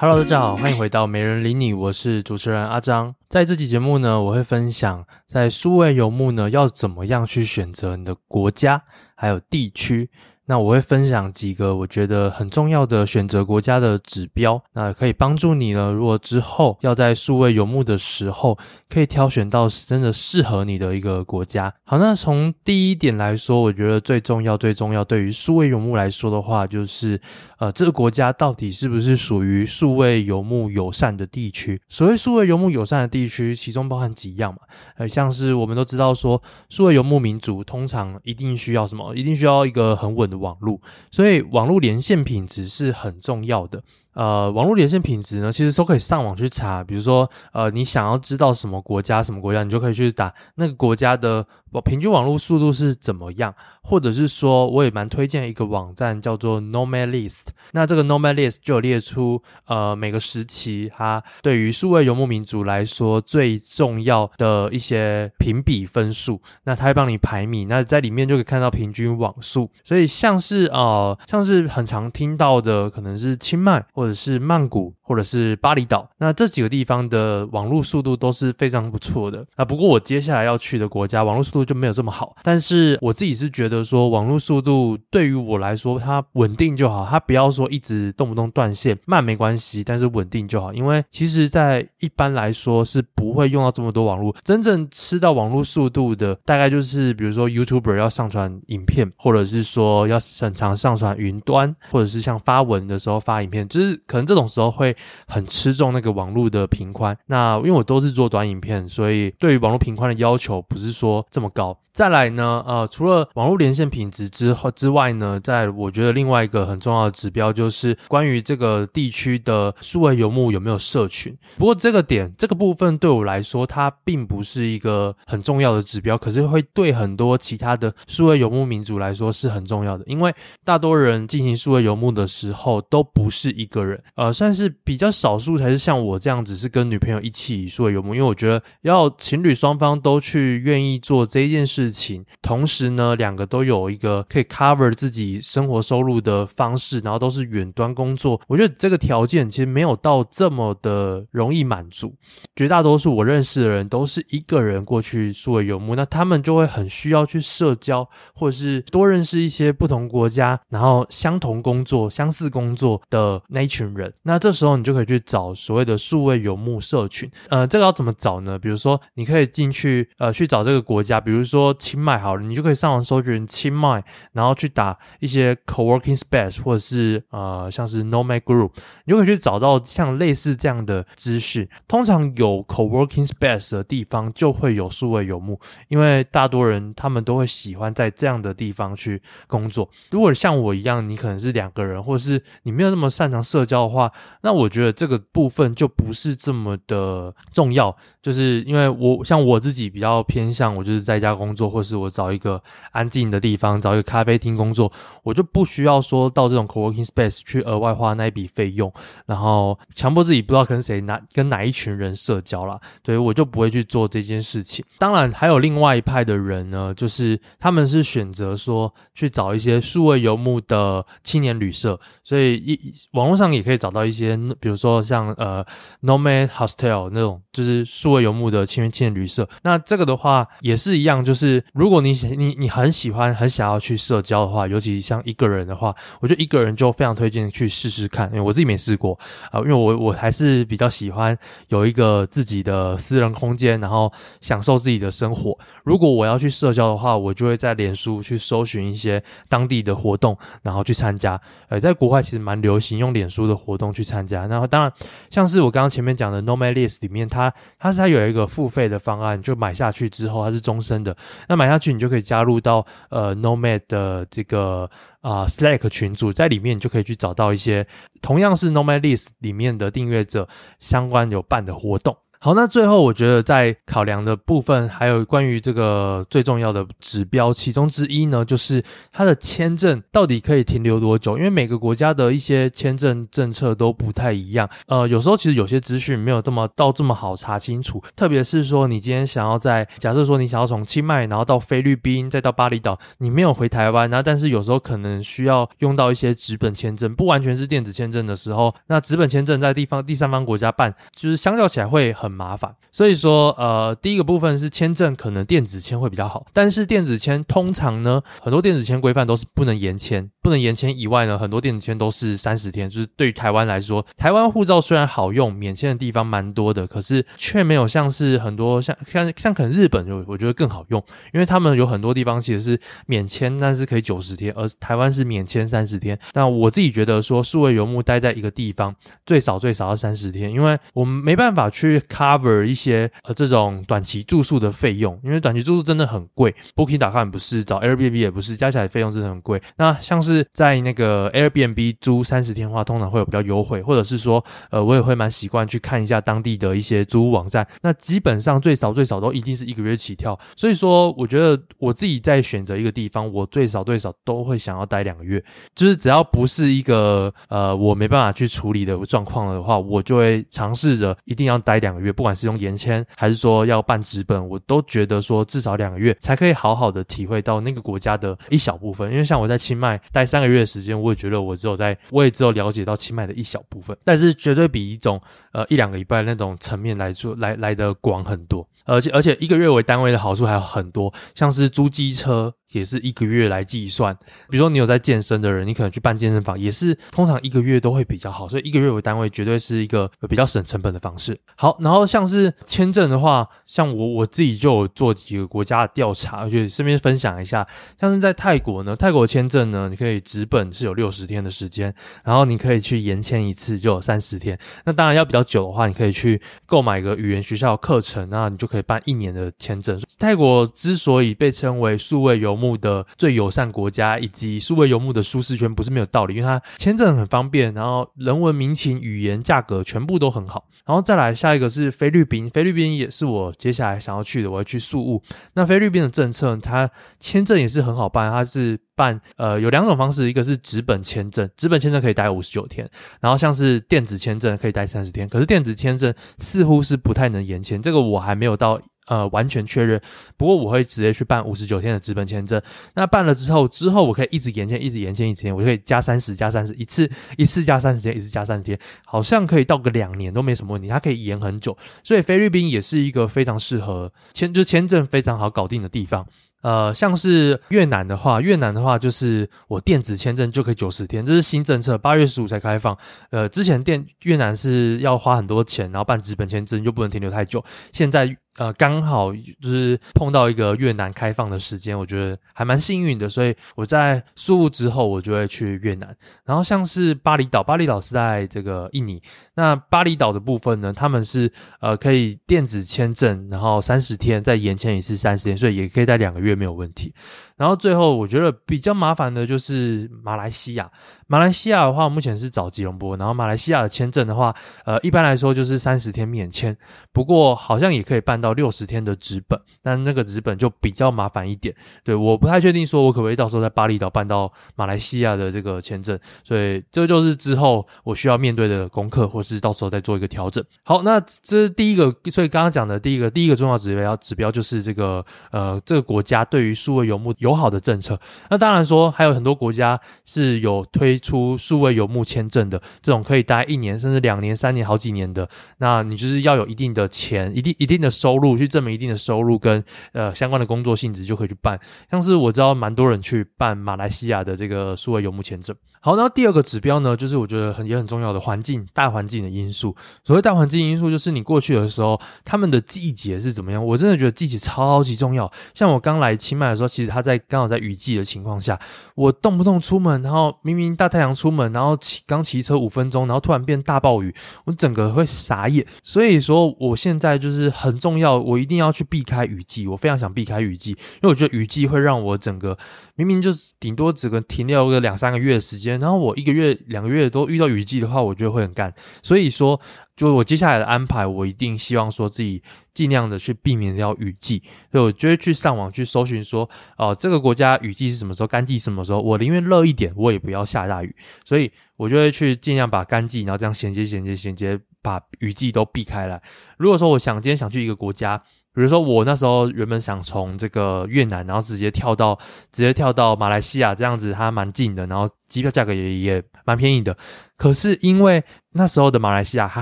Hello，大家好，歡迎回到沒人理你，我是主持人阿璋。在這期節目呢，我會分享在數位遊牧呢要怎麼樣去選擇你的國家還有地區。那我會分享幾個我覺得很重要的選擇國家的指標，那可以幫助你呢。如果之後要在數位遊牧的時候，可以挑選到真的適合你的一個國家。好，那從第一點來說，我覺得最重要、最重要，對於數位遊牧來說的話，就是呃，這個國家到底是不是屬於數位遊牧友善的地區？所謂數位遊牧友善的地區，其中包含幾樣嘛？呃，像是我們都知道說，數位遊牧民族通常一定需要什麼？一定需要一個很穩的。網絡，所以網絡連線品質是很重要的。呃，網絡連線品質呢，其實都可以上網去查。比如說，呃，你想要知道什麼國家、什麼國家，你就可以去打那個國家的平均網絡速度是怎麼樣。或者是說，我也蠻推薦一個網站叫做 Nomad List。那這個 Nomad List 就有列出呃每個時期它對於數位游牧民族來說最重要的一些評比分數。那它會幫你排名。那在裡面就可以看到平均網速。所以像是呃像是很常聽到的，可能是清邁或是曼谷。或者是巴厘島，那這幾個地方的網絡速度都是非常不錯的啊。那不過我接下來要去的國家網絡速度就沒有這麼好。但是我自己是覺得說，網絡速度對於我來說，它穩定就好，它不要說一直動不動斷線，慢沒關係，但是穩定就好。因為其實，在一般來說是不會用到這麼多網絡，真正吃到網絡速度的，大概就是比如說 YouTuber 要上傳影片，或者是說要很常上傳雲端，或者是像發文的時候發影片，就是可能這種時候會。很吃重那個網絡的頻寬。那因為我都是做短影片，所以對於網絡頻寬的要求不是說這麼高。再來呢，呃，除了網絡連線品質之後之外呢，在我覺得另外一個很重要的指標就是關於這個地區的數位遊牧有沒有社群。不過這個點，這個部分對我來說，它並不是一個很重要的指標，可是會對很多其他的數位遊牧民族來說是很重要的，因為大多人進行數位遊牧的時候都不是一個人，呃，算是。比較少數才是像我這樣子，是跟女朋友一起數位遊牧，因為我覺得要情侶雙方都去願意做這一件事情，同時呢，兩個都有一個可以 cover 自己生活收入的方式，然後都是遠端工作，我覺得這個條件其實沒有到這麼的容易滿足。絕大多數我認識的人都是一個人過去數位遊牧，那他們就會很需要去社交，或者是多認識一些不同國家，然後相同工作、相似工作的那一群人，那這時候。你就可以去找所謂的數位遊牧社群，呃，這個要怎麼找呢？比如說，你可以進去，呃，去找這個國家，比如說清邁好了，你就可以上網搜尋清邁，然後去打一些 co-working space 或者是呃，像是 nomad group，你就可以去找到像類似這樣的資訊。通常有 co-working space 的地方就會有數位遊牧，因為大多人他們都會喜歡在這樣的地方去工作。如果像我一樣，你可能是兩個人，或者是你沒有那麼擅長社交的話，那我。我覺得這個部分就不是這麼的重要，就是因為我像我自己比較偏向，我就是在家工作，或是我找一個安靜的地方，找一個咖啡廳工作，我就不需要說到這種 co-working space 去額外花那一筆費用，然後強迫自己不知道跟誰、哪跟哪一群人社交啦，所以我就不會去做這件事情。當然，還有另外一派的人呢，就是他們是選擇說去找一些數位游牧的青年旅社，所以一網絡上也可以找到一些。比如說像呃 nomad hostel 那種，就是數位遊牧的青年青年旅舍，那這個的話也是一樣，就是如果你你你很喜歡很想要去社交的話，尤其像一個人的話，我覺得一個人就非常推薦去試試看，因為我自己沒試過啊、呃，因為我我還是比較喜歡有一個自己的私人空間，然後享受自己的生活。如果我要去社交的話，我就會在臉書去搜尋一些當地的活動，然後去參加。呃，在國外其實蠻流行用臉書的活動去參加。然後，當然，像是我剛剛前面講的 Nomad List 裡面它，它它是它有一個付費的方案，就買下去之後，它是終身的。那買下去，你就可以加入到呃 Nomad 的這個啊、呃、Slack 群組，在裡面你就可以去找到一些同樣是 Nomad List 裡面的訂閱者相關有辦的活動。好，那最後我覺得在考量的部分，還有關於這個最重要的指標其中之一呢，就是它的簽證到底可以停留多久？因為每個國家的一些簽證政策都不太一樣。呃，有時候其實有些資訊沒有這麼到這麼好查清楚，特別是說你今天想要在假設說你想要從清邁然後到菲律賓再到巴厘島，你沒有回台灣，那但是有時候可能需要用到一些紙本簽證，不完全是電子簽證的時候，那紙本簽證在地方第三方國家辦，就是相較起來會很。很麻煩，所以說呃，第一個部分是簽證，可能電子簽會比較好。但是電子簽通常呢，很多電子簽規範都是不能延簽，不能延簽以外呢，很多電子簽都是三十天。就是對於台灣來說，台灣護照雖然好用，免簽的地方蠻多的，可是卻沒有像是很多像像像可能日本，我我覺得更好用，因為他們有很多地方其實是免簽，但是可以九十天，而台灣是免簽三十天。那我自己覺得說，數位遊牧待在一個地方最少最少要三十天，因為我們沒辦法去看，cover 一些呃這種短期住宿的費用，因為短期住宿真的很貴，Booking 打卡也不是，找 Airbnb 也不是，加起來費用真的很貴。那像是在那個 Airbnb 租三十天的話，通常會有比較優惠，或者是說，呃，我也會蠻習慣去看一下當地的一些租屋網站。那基本上最少最少都一定是一個月起跳，所以說我覺得我自己在選擇一個地方，我最少最少都會想要待兩個月，就是只要不是一個呃我沒辦法去處理的狀況的話，我就會嘗試着一定要待兩個月。不管是用延簽還是說要辦紙本，我都覺得說至少兩個月才可以好好的體會到那個國家的一小部分。因為像我在清邁待三個月的時間，我也覺得我只有在我也只有了解到清邁的一小部分，但是絕對比一種呃一兩個禮拜那種層面來說，來來的廣很多。而且而且一個月為單位的好處還有很多，像是租機車。也是一個月來計算，比如說你有在健身的人，你可能去辦健身房，也是通常一個月都會比較好，所以一個月為單位絕對是一個有比較省成本的方式。好，然後像是簽證的話，像我我自己就有做幾個國家的調查，而且順便分享一下，像是在泰國呢，泰國簽證呢，你可以直本是有六十天的時間，然後你可以去延簽一次就有三十天，那當然要比較久的話，你可以去購買一個語言學校課程，那你就可以辦一年的簽證。泰國之所以被稱為數位游。目的最友善國家，以及數位游牧的舒適圈不是沒有道理，因為它簽證很方便，然後人文民情、語言、價格全部都很好。然後再來下一個是菲律賓，菲律賓也是我接下來想要去的，我要去宿務。那菲律賓的政策，它簽證也是很好辦，它是辦呃有兩種方式，一個是紙本簽證，紙本簽證可以待五十九天，然後像是電子簽證可以待三十天，可是電子簽證似乎是不太能延簽，這個我還沒有到。呃，完全確認。不過我會直接去辦五十九天的紙本簽證。那辦了之後，之後我可以一直延簽，一直延簽，一直延，一直延，我就可以加三十，加三十，一次一次加三十天，一次加三十天，好像可以到個兩年都沒什麼問題。它可以延很久，所以菲律賓也是一個非常適合簽，就是簽證非常好搞定的地方。呃，像是越南的話，越南的話就是我電子簽證就可以九十天，這是新政策，八月十五才開放。呃，之前電越南是要花很多錢，然後辦紙本簽證就不能停留太久，現在。呃，剛好就是碰到一個越南開放的時間，我覺得還蠻幸運的，所以我在輸入之後，我就會去越南。然後像是巴厘島，巴厘島是在這個印尼。那巴厘島的部分呢？他們是呃可以電子簽證，然後三十天再延簽也是三十天，所以也可以在兩個月沒有問題。然後最後我覺得比較麻煩的就是馬來西亞，馬來西亞的話目前是找吉隆坡，然後馬來西亞的簽證的話，呃一般來說就是三十天免簽，不過好像也可以辦到六十天的紙本，但那個紙本就比較麻煩一點。對，我不太確定說我可不可以到時候在巴厘島辦到馬來西亞的這個簽證，所以這就是之後我需要面對的功課或。是到時候再做一個調整。好，那這是第一個，所以剛剛講的第一個第一個重要指標，指標就是這個呃，這個國家對於數位遊牧友好的政策。那當然說還有很多國家是有推出數位遊牧簽證的，這種可以待一年甚至兩年、三年、好幾年的。那你就是要有一定的錢、一定一定的收入去證明一定的收入跟呃相關的工作性質就可以去辦。像是我知道蠻多人去辦馬來西亞的這個數位遊牧簽證。好，然後第二個指標呢，就是我覺得很也很重要的環境大環境的因素。所謂大環境因素，就是你過去的時候，他們的季節是怎麼樣。我真的覺得季節超級重要。像我剛來清邁的時候，其實他在剛好在雨季的情況下，我動不動出門，然後明明大太陽出門，然後騎剛騎車五分鐘，然後突然變大暴雨，我整個會傻眼。所以說，我現在就是很重要，我一定要去避開雨季。我非常想避開雨季，因為我覺得雨季會讓我整個明明就是頂多只能停留個兩三個月的時間。然後我一個月，兩個月都遇到雨季的話，我覺得會很幹。所以說，就我接下來的安排，我一定希望說自己儘量的去避免掉雨季。所以我就會去上網去搜尋說，哦，這個國家雨季是什麼時候，乾季什麼時候？我寧願熱一點，我也不要下大雨。所以，我就會去儘量把乾季，然後這樣銜接、銜接、銜接，把雨季都避開來。如果說我想今天想去一個國家，比如說我那時候原本想從這個越南，然後直接跳到直接跳到馬來西亞，這樣子它蠻近的，然後。機票價格也也蠻便宜的，可是因為那時候的馬來西亞它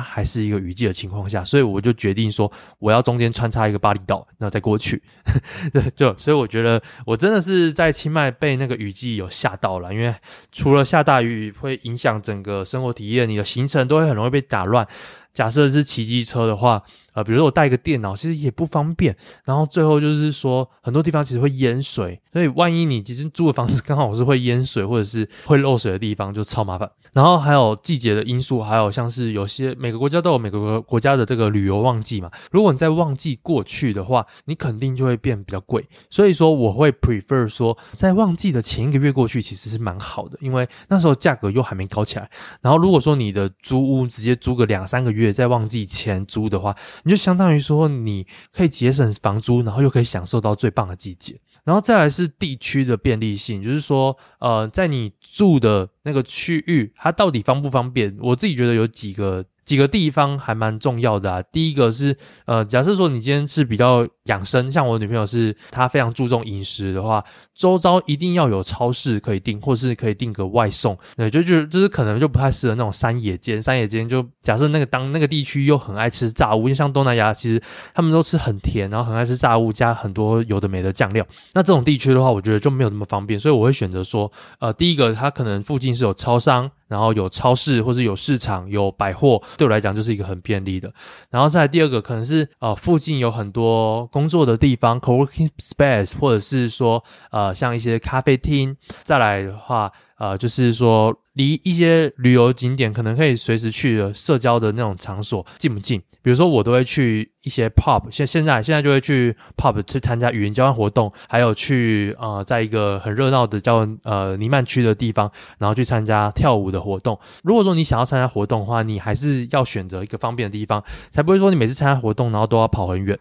還是一個雨季的情況下，所以我就決定說我要中間穿插一個巴厘島，然後再過去。 對，就所以我覺得我真的是在清邁被那個雨季有嚇到了，因為除了下大雨會影響整個生活體驗，你的行程都會很容易被打亂。假設是騎機車的話，呃，比如說我帶個電腦，其實也不方便。然後最後就是說，很多地方其實會淹水。所以，萬一你其實租的房子剛好是會淹水或者是會漏水的地方，就超麻煩。然後還有季節的因素，還有像是有些每個國家都有每個國國家的這個旅遊旺季嘛。如果你在旺季過去的話，你肯定就會變比較貴。所以說，我會 prefer 說在旺季的前一個月過去其實是蠻好的，因為那時候價格又還沒高起來。然後，如果說你的租屋直接租個兩三個月，在旺季前租的話，你就相當於說你可以節省房租，然後又可以享受到最棒的季節。然後再來是地區的便利性，就是說，呃，在你住的那個區域它到底方不方便？我自己覺得有幾個幾個地方還蠻重要的啊。第一個是呃，假設說你今天是比較養生，像我女朋友是她非常注重飲食的話，周遭一定要有超市可以訂，或是可以訂個外送。對、嗯，就就就是可能就不太適合那種山野間。山野間就假設那個當那個地區又很愛吃炸物，因為像東南亞其實他們都吃很甜，然後很愛吃炸物，加很多有的沒的醬料。那這種地區的話，我覺得就沒有那麼方便，所以我會選擇說呃，第一個它可能附近。是有超商，然後有超市或者有市場、有百貨，對我來講就是一個很便利的。然後再來第二個，可能是呃附近有很多工作的地方 （co-working space），或者是說呃像一些咖啡廳。再來的話。啊、呃，就是說離一些旅遊景點可能可以隨時去的社交的那種場所近不近？比如說，我都會去一些 pop，現現在現在就會去 pop 去參加語言交換活動，還有去呃，在一個很熱鬧的叫呃尼曼區的地方，然後去參加跳舞的活動。如果說你想要參加活動的話，你還是要選擇一個方便的地方，才不會說你每次參加活動然後都要跑很遠。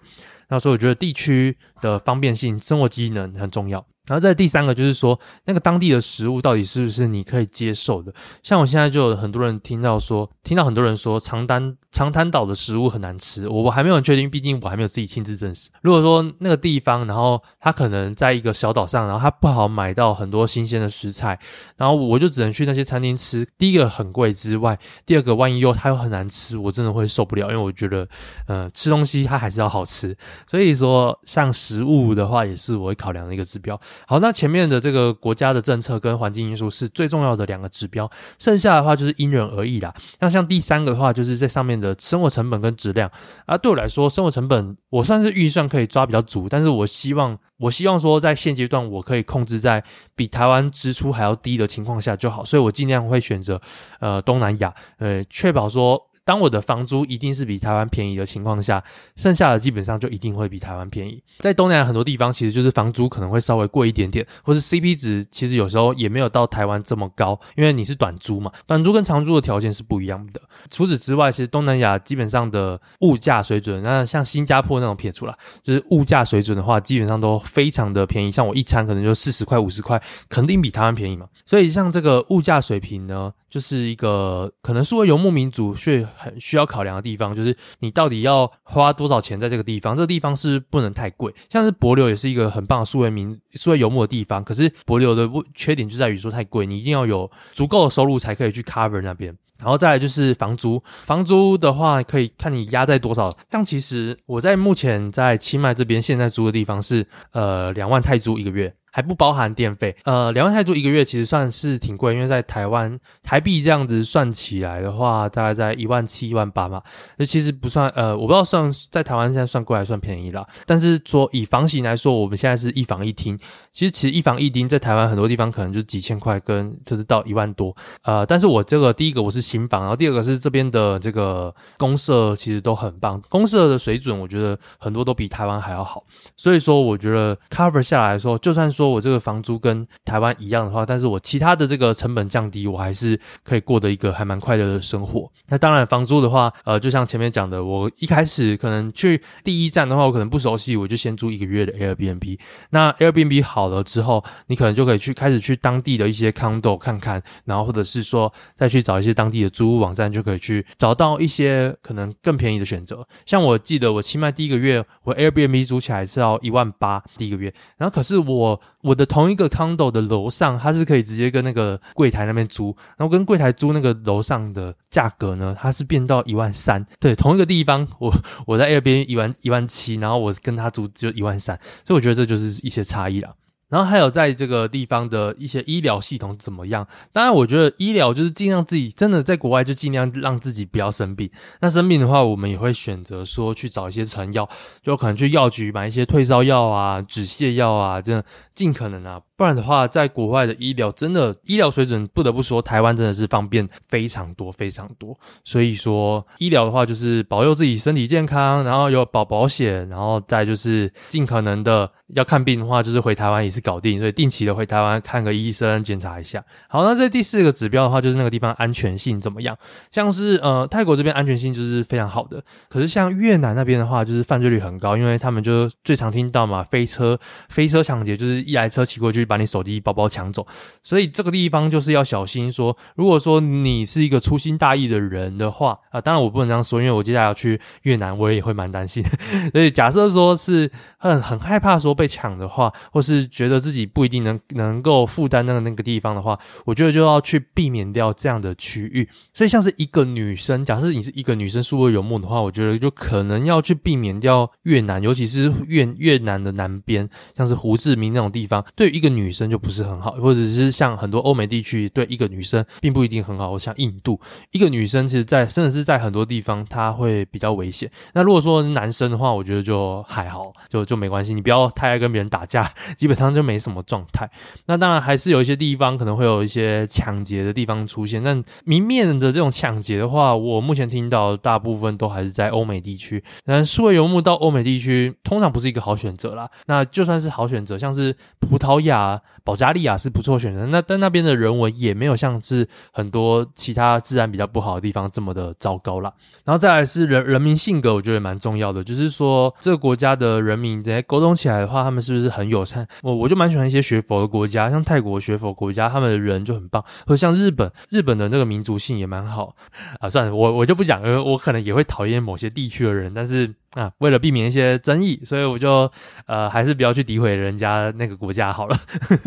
那所以我覺得地區的方便性、生活機能很重要。然後在第三個就是說，那個當地的食物到底是不是你可以接受的？像我現在就有很多人聽到說，聽到很多人說長灘長灘島的食物很難吃。我我還沒有確定，畢竟我還沒有自己親自證實。如果說那個地方，然後他可能在一個小島上，然後他不好買到很多新鮮的食材，然後我就只能去那些餐廳吃。第一個很貴之外，第二個萬一又他又很難吃，我真的會受不了，因為我覺得，呃，吃東西它還是要好吃。所以說，像食物的話，也是我會考量的一個指標。好，那前面的這個國家的政策跟環境因素是最重要的兩個指標，剩下的話就是因人而異啦。那像第三個的話，就是這上面的生活成本跟質量啊，對我來說，生活成本我算是預算可以抓比較足，但是我希望我希望說在現階段我可以控制在比台灣支出還要低的情況下就好，所以我盡量會選擇呃東南亞，呃，確保說。當我的房租一定是比台灣便宜的情況下，剩下的基本上就一定會比台灣便宜。在東南亞很多地方，其實就是房租可能會稍微貴一點點，或是 CP 值其實有時候也沒有到台灣這麼高，因為你是短租嘛，短租跟長租的條件是不一樣的。除此之外，其實東南亞基本上的物價水準，那像新加坡那種撇除了，就是物價水準的話，基本上都非常的便宜，像我一餐可能就四十塊五十塊，肯定比台灣便宜嘛。所以像這個物價水平呢，就是一個可能數位遊牧民族卻很需要考量的地方，就是你到底要花多少錢在這個地方，這個地方是不能太貴。像是帛琉也是一個很棒的數位民數位遊牧的地方，可是，帛琉的缺點就在於說太貴，你一定要有足夠的收入才可以去 cover 那邊。然後再來就是房租，房租的話可以看你壓在多少。但其實我在目前在清邁這邊現在租的地方是呃，兩萬泰銖一個月。還不包含電費，呃，兩萬泰銖一個月其實算是挺貴，因為在台灣台幣這樣子算起來的話，大概在一萬七、一萬八嘛，那其實不算，呃，我不知道算在台灣現在算貴還是算便宜啦。但是說以房型來說，我們現在是一房一廳，其實其實一房一廳在台灣很多地方可能就是幾千塊，跟就是到一萬多，呃，但是我這個第一個我是新房，然後第二個是這邊的這個公社其實都很棒，公社的水準我覺得很多都比台灣還要好，所以說我覺得 cover 下來說，就算說我這個房租跟台灣一樣的話，但是我其他的這個成本降低，我還是可以過得一個還蠻快樂的生活。那當然，房租的話，呃，就像前面講的，我一開始可能去第一站的話，我可能不熟悉，我就先租一個月的 Airbnb。那 Airbnb 好了之後，你可能就可以去開始去當地的一些 Condo 看看，然後或者是說再去找一些當地的租屋網站，就可以去找到一些可能更便宜的選擇。像我記得我清邁第一個月我 Airbnb 租起來是要一萬八第一個月，然後可是我。我的同一個 condo 的樓上，它是可以直接跟那個櫃檯那邊租，然後跟櫃檯租那個樓上的價格呢，它是變到一萬三。對，同一個地方，我我在 Airbnb 一萬，一萬七，然後我跟他租就一萬三，所以我覺得這就是一些差異啦。然後還有在這個地方的一些醫療系統怎麼樣？當然，我覺得醫療就是盡量自己真的在國外就盡量讓自己不要生病。那生病的話，我們也會選擇說去找一些成藥，就可能去藥局買一些退燒藥啊、止瀉藥啊，這樣盡可能啊。不然的話，在國外的醫療真的醫療水準，不得不說，台灣真的是方便非常多非常多。所以說，醫療的話，就是保佑自己身體健康，然後有保保險，然後再就是盡可能的要看病的話，就是回台灣也是搞定。所以定期的回台灣看個醫生，檢查一下。好，那這第四個指標的話，就是那個地方安全性怎麼樣？像是呃，泰國這邊安全性就是非常好的，可是像越南那邊的話，就是犯罪率很高，因為他們就最常聽到嘛，飛車飛車搶劫，就是一台車騎過去。把你手機、包包搶走，所以這個地方就是要小心。說，如果說你是一個粗心大意的人的話，啊、呃，當然我不能這樣說，因為我接下來要去越南，我也會蠻擔心。所以假設說是很很害怕說被搶的話，或是覺得自己不一定能能夠負擔那個那個地方的話，我覺得就要去避免掉這樣的區域。所以像是一個女生，假設你是一個女生數位遊牧的話，我覺得就可能要去避免掉越南，尤其是越越南的南邊，像是胡志明那種地方。對於一個。女生就不是很好，或者是像很多歐美地區，對一個女生並不一定很好。像印度，一個女生其實在，在甚至是在很多地方，她會比較危險。那如果說是男生的話，我覺得就還好，就就沒關係。你不要太愛跟別人打架，基本上就沒什麼狀態。那當然還是有一些地方可能會有一些搶劫的地方出現，但明面的這種搶劫的話，我目前聽到大部分都還是在歐美地區。但數位遊牧到歐美地區，通常不是一個好選擇啦。那就算是好選擇，像是葡萄牙。啊，保加利亞是不錯選擇。那但那邊的人文也沒有像是很多其他治安比較不好的地方這麼的糟糕啦。然後再來是人人民性格，我覺得蠻重要的。就是說這個國家的人民在溝通起來的話，他們是不是很友善？我我就蠻喜歡一些學佛的國家，像泰國學佛國家，他們的人就很棒。或者像日本，日本的那個民族性也蠻好啊。算了，我我就不講，因、呃、為我可能也會討厭某些地區的人，但是。啊，為了避免一些爭議，所以我就呃，還是不要去詆毀人家那個國家好了。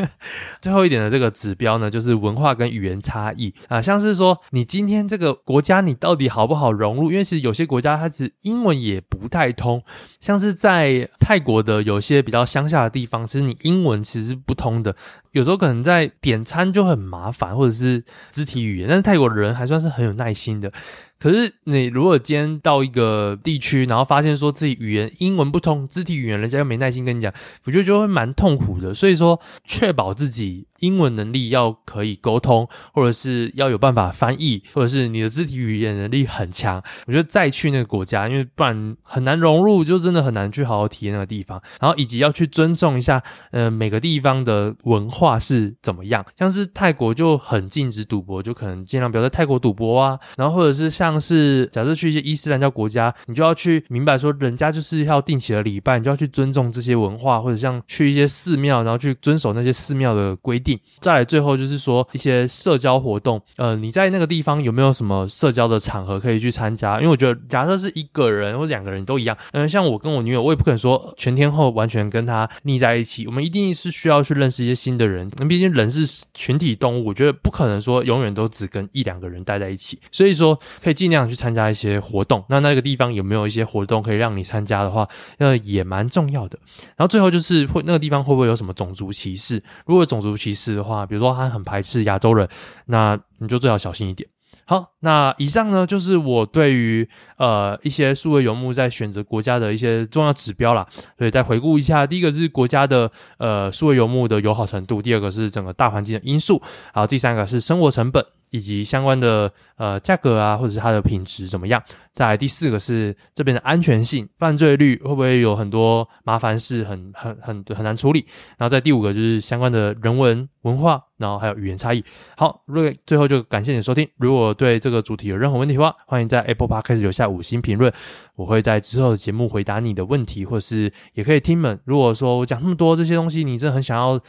最後一點的這個指標呢，就是文化跟語言差異啊，像是說你今天這個國家你到底好不好融入？因為其實有些國家它是英文也不太通，像是在泰國的有些比較鄉下的地方，其實你英文其實是不通的，有時候可能在點餐就很麻煩，或者是肢體語言，但是泰國的人還算是很有耐心的。可是你如果今天到一個地區，然後發現說自己語言英文不通，肢體語言人家又沒耐心跟你講，我就覺得就會蠻痛苦的。所以說，確保自己，英文能力要可以溝通，或者是要有辦法翻譯，或者是你的肢體語言能力很強。我覺得再去那個國家，因為不然很難融入，就真的很難去好好體驗那個地方。然後以及要去尊重一下，呃，每個地方的文化是怎麼樣。像是泰國就很禁止賭博，就可能盡量不要在泰國賭博啊。然後或者是像是假設去一些伊斯蘭教國家，你就要去明白說，人家就是要定期的禮拜，你就要去尊重這些文化，或者像去一些寺廟，然後去遵守那些寺廟的規定。再來最後就是說一些社交活動，呃，你在那個地方有沒有什麼社交的場合可以去參加？因為我覺得，假設是一個人或兩個人都一樣，嗯，像我跟我女友，我也不可能說全天候完全跟她膩在一起。我們一定是需要去認識一些新的人，那畢竟人是群體動物，我覺得不可能說永遠都只跟一兩個人待在一起。所以說，可以盡量去參加一些活動。那那個地方有沒有一些活動可以讓你參加的話，呃，也蠻重要的。然後最後就是會那個地方會不會有什麼種族歧視？如果種族歧視。是的話，比如說他很排斥亞洲人，那你就最好小心一點。好。那以上呢，就是我對於呃一些數位游牧在選擇國家的一些重要指標啦，所以再回顧一下，第一個是國家的呃數位游牧的友好程度，第二個是整個大環境的因素，然後第三個是生活成本以及相關的呃價格啊，或者是它的品質怎麼樣。再來第四個是這邊的安全性，犯罪率會不會有很多麻煩事，很很很很難處理。然後再第五個就是相關的人文文化，然後還有語言差異。好，最後就感謝你的收聽，如果對這個這個主題有任何問題的話，歡迎在 Apple Podcast 留下五星評論，我會在之後的節目回答你的問題，或是也可以聽們。如果說我講那麼多這些東西，你真的很想要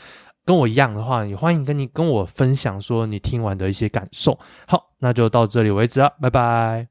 跟我一樣的話，也歡迎跟你跟我分享說你聽完的一些感受。好，那就到這裡為止了啊，拜拜。